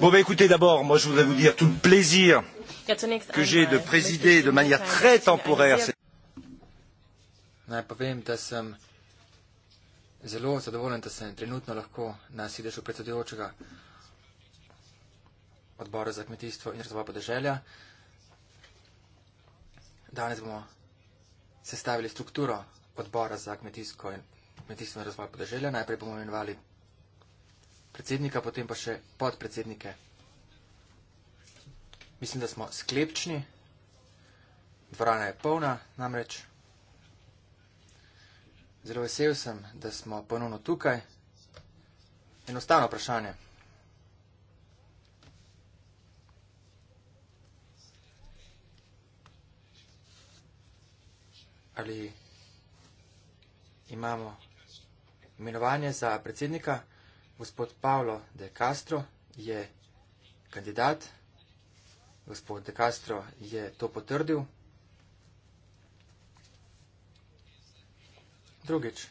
Bon, bah, écoutez, d'abord, moi, je voudrais vous dire tout le plaisir que j'ai de présider de manière très temporaire. Najpovem, da sem zelo zadovoljen, da sem trenutno lahko na sedežu predsedujočega odbora za kmetijstvo in razvoj podeželja. Danes bomo sestavili strukturo odbora za kmetijstvo in razvoj podeželja. Najprej bomo imenovali predsednika, potem pa še podpredsednike. Mislim, da smo sklepčni. Dvorana je polna, namreč. Zelo vesel sem, da smo ponovno tukaj. Enostavno vprašanje. Ali imamo imenovanje za predsednika? Gospod Pavlo De Castro je kandidat. Gospod De Castro je to potrdil. Drugič,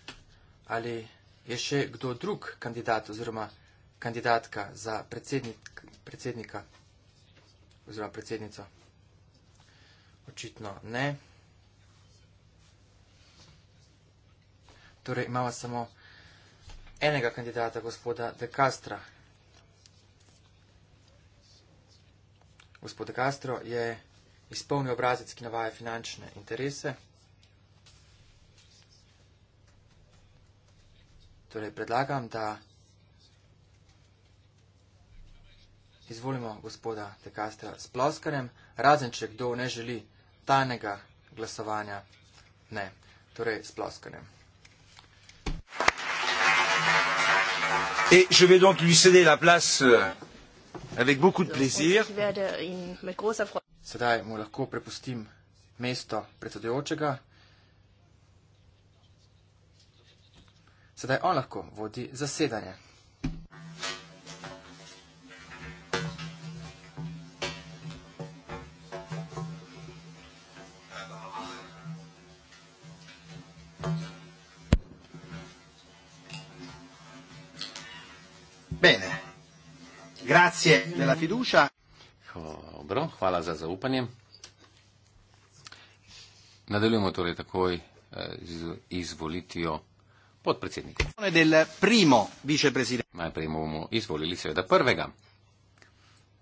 ali je še kdo drug kandidat oziroma kandidatka za predsednik, predsednika oziroma predsednico? Očitno ne. Torej imamo samo enega kandidata, gospoda De Castra. Gospod De Castro je izpolnil obrazec, ki navaja finančne interese. Torej, predlagam, da izvolimo gospoda De Castra s ploskarjem, razen če kdo ne želi tajnega glasovanja. Ne, torej s ploskarjem. Et je vais donc lui céder la place euh, avec beaucoup de plaisir. Sedaj mu lahko prepustim mesto predsedujočega. Sedaj on lahko vodi zasedanje. Grazie della fiducia. Dobro, hvala za zaupanje. Nadaljujemo torej takoj eh, z izvolitijo podpredsednika. Najprej bomo izvolili seveda prvega.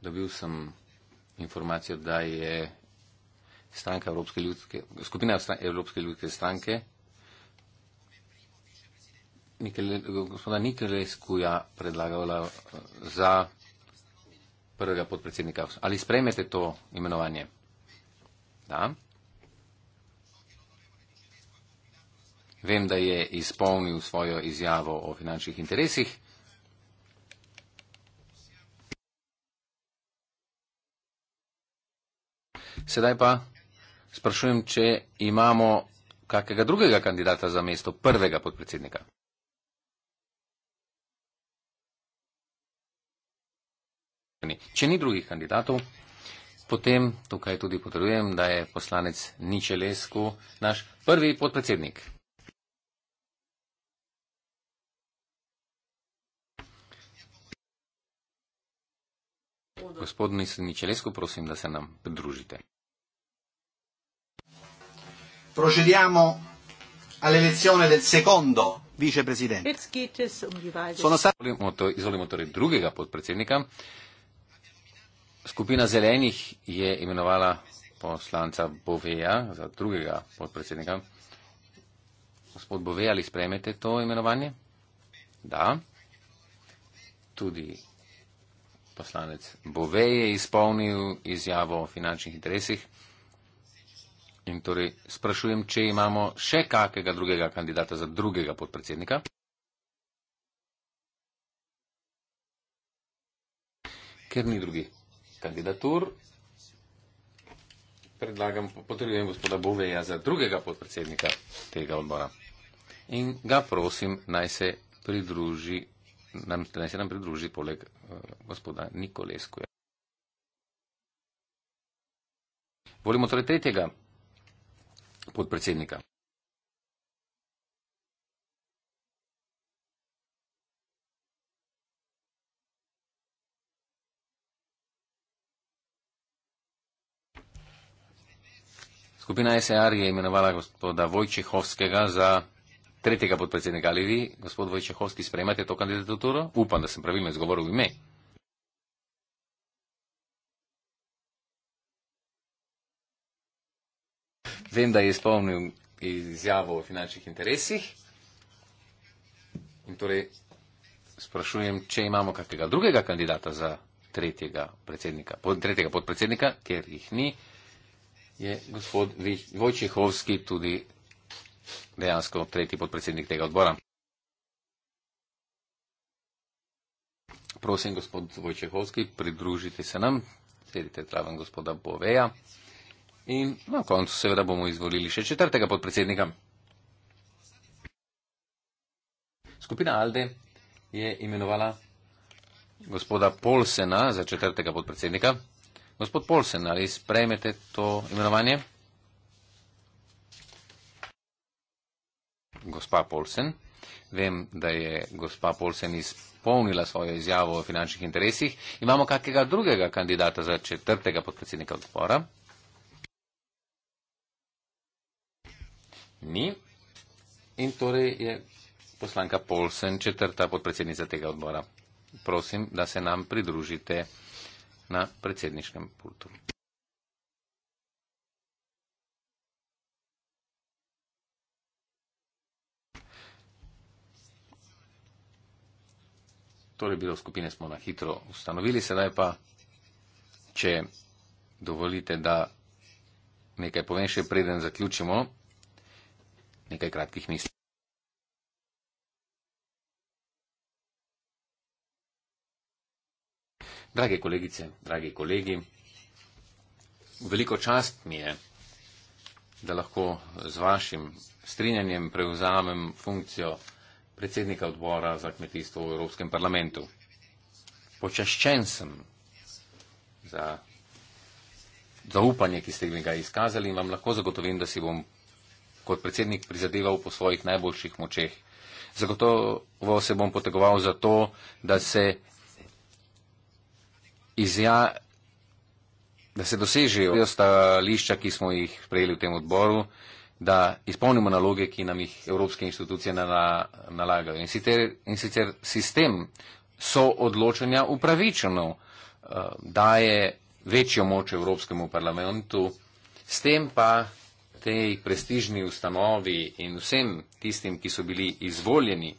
Dobil sem informacijo, da je stranka Evropske ljudske, skupina Evropske ljudske stranke Nikele, gospoda Nikeleskuja predlagala eh, za prvega podpredsednika. Ali sprejmete to imenovanje? Da. Vem, da je izpolnil svojo izjavo o finančnih interesih. Sedaj pa sprašujem, če imamo kakega drugega kandidata za mesto prvega podpredsednika. Če ni drugih kandidatov, potem tukaj tudi potrjujem, da je poslanec Ničelesko naš prvi podpredsednik. Gospod Ničelesko, prosim, da se nam pridružite. Procediamo all'elezione del secondo vice presidente. Um Sono stato... Izvolimo torej drugega podpredsednika. Skupina zelenih je imenovala poslanca Boveja za drugega podpredsednika. Gospod Bove, ali spremete to imenovanje? Da. Tudi poslanec Bove je izpolnil izjavo o finančnih interesih. In torej sprašujem, če imamo še kakega drugega kandidata za drugega podpredsednika. Ker ni drugih kandidatur. Predlagam, potrebujem gospoda Boveja za drugega podpredsednika tega odbora. In ga prosim, naj se pridruži, nam, naj se nam pridruži poleg uh, gospoda Nikoleskuja. Volimo torej tretjega podpredsednika. Skupina SR e je imenovala gospoda Vojčehovskega za tretjega podpredsednika. Ali vi, gospod Vojčehovski, sprejmete to kandidaturo? Upam, da sem pravilno izgovoril ime. Vem, da je izpolnil izjavo o finančnih interesih. In torej sprašujem, če imamo kakega drugega kandidata za tretjega, tretjega podpredsednika, ker jih ni je gospod Vojčehovski tudi dejansko tretji podpredsednik tega odbora. Prosim, gospod Vojčehovski, pridružite se nam, sedite traven gospoda Boveja in na koncu seveda bomo izvolili še četrtega podpredsednika. Skupina Alde je imenovala gospoda Polsena za četrtega podpredsednika. Gospod Polsen, ali sprejmete to imenovanje? Gospa Polsen, vem, da je gospa Polsen izpolnila svojo izjavo o finančnih interesih. Imamo kakega drugega kandidata za četrtega podpredsednika odbora? Ni. In torej je poslanka Polsen četrta podpredsednica tega odbora. Prosim, da se nam pridružite na predsedniškem pultu. Torej, bilo skupine smo na hitro ustanovili, sedaj pa, če dovolite, da nekaj povem še preden zaključimo, nekaj kratkih misli. Drage kolegice, dragi kolegi, veliko čast mi je, da lahko z vašim strinjanjem prevzamem funkcijo predsednika odbora za kmetijstvo v Evropskem parlamentu. Počaščen sem za zaupanje, ki ste mi ga izkazali in vam lahko zagotovim, da si bom kot predsednik prizadeval po svojih najboljših močeh. Zagotovo se bom potegoval za to, da se izjave, da se dosežejo stališča, ki smo jih prejeli v tem odboru, da izpolnimo naloge, ki nam jih evropske institucije nalagajo. In sicer, in sicer sistem so odločanja upravičeno eh, daje večjo moč Evropskemu parlamentu, s tem pa tej prestižni ustanovi in vsem tistim, ki so bili izvoljeni,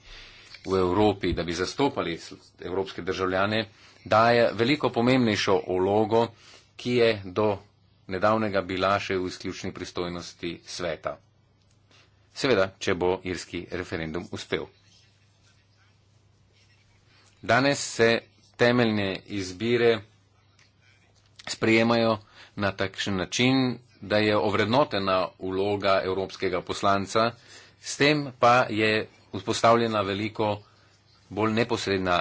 v Evropi, da bi zastopali evropske državljane, daje veliko pomembnejšo ologo, ki je do nedavnega bila še v izključni pristojnosti sveta. Seveda, če bo irski referendum uspel. Danes se temeljne izbire sprejemajo na takšen način, da je ovrednotena vloga evropskega poslanca, s tem pa je vzpostavljena veliko bolj neposredna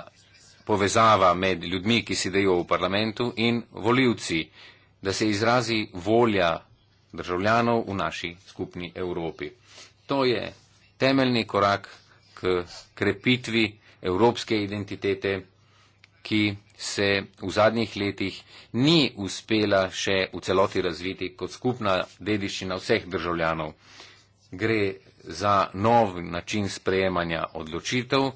povezava med ljudmi, ki sedejo v parlamentu in voljivci, da se izrazi volja državljanov v naši skupni Evropi. To je temeljni korak k krepitvi evropske identitete, ki se v zadnjih letih ni uspela še v celoti razviti kot skupna dediščina vseh državljanov gre za nov način sprejemanja odločitev,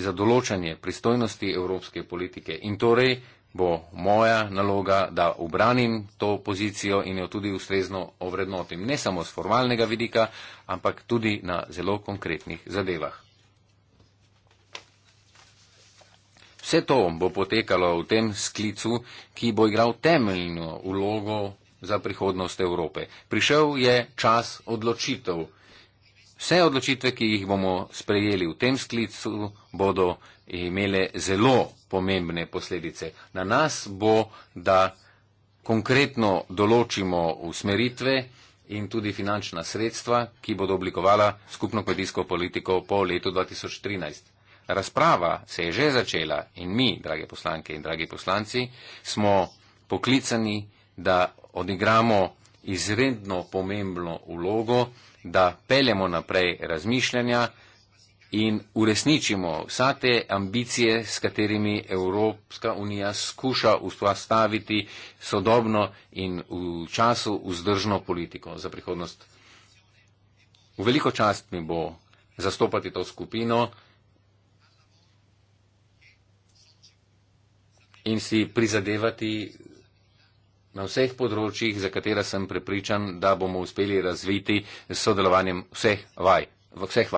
za določanje pristojnosti evropske politike in torej bo moja naloga, da obranim to pozicijo in jo tudi ustrezno ovrednotim, ne samo z formalnega vidika, ampak tudi na zelo konkretnih zadevah. Vse to bo potekalo v tem sklicu, ki bo igral temeljno vlogo za prihodnost Evrope. Prišel je čas odločitev. Vse odločitve, ki jih bomo sprejeli v tem sklicu, bodo imele zelo pomembne posledice. Na nas bo, da konkretno določimo usmeritve in tudi finančna sredstva, ki bodo oblikovala skupno kmetijsko politiko po letu 2013. Razprava se je že začela in mi, drage poslanke in dragi poslanci, smo poklicani da odigramo izredno pomembno vlogo, da peljemo naprej razmišljanja in uresničimo vsa te ambicije, s katerimi Evropska unija skuša ustvariti sodobno in v času vzdržno politiko za prihodnost. V veliko čast mi bo zastopati to skupino in si prizadevati na vseh področjih, za katera sem prepričan, da bomo uspeli razviti sodelovanjem vseh vaj. V vseh vaj.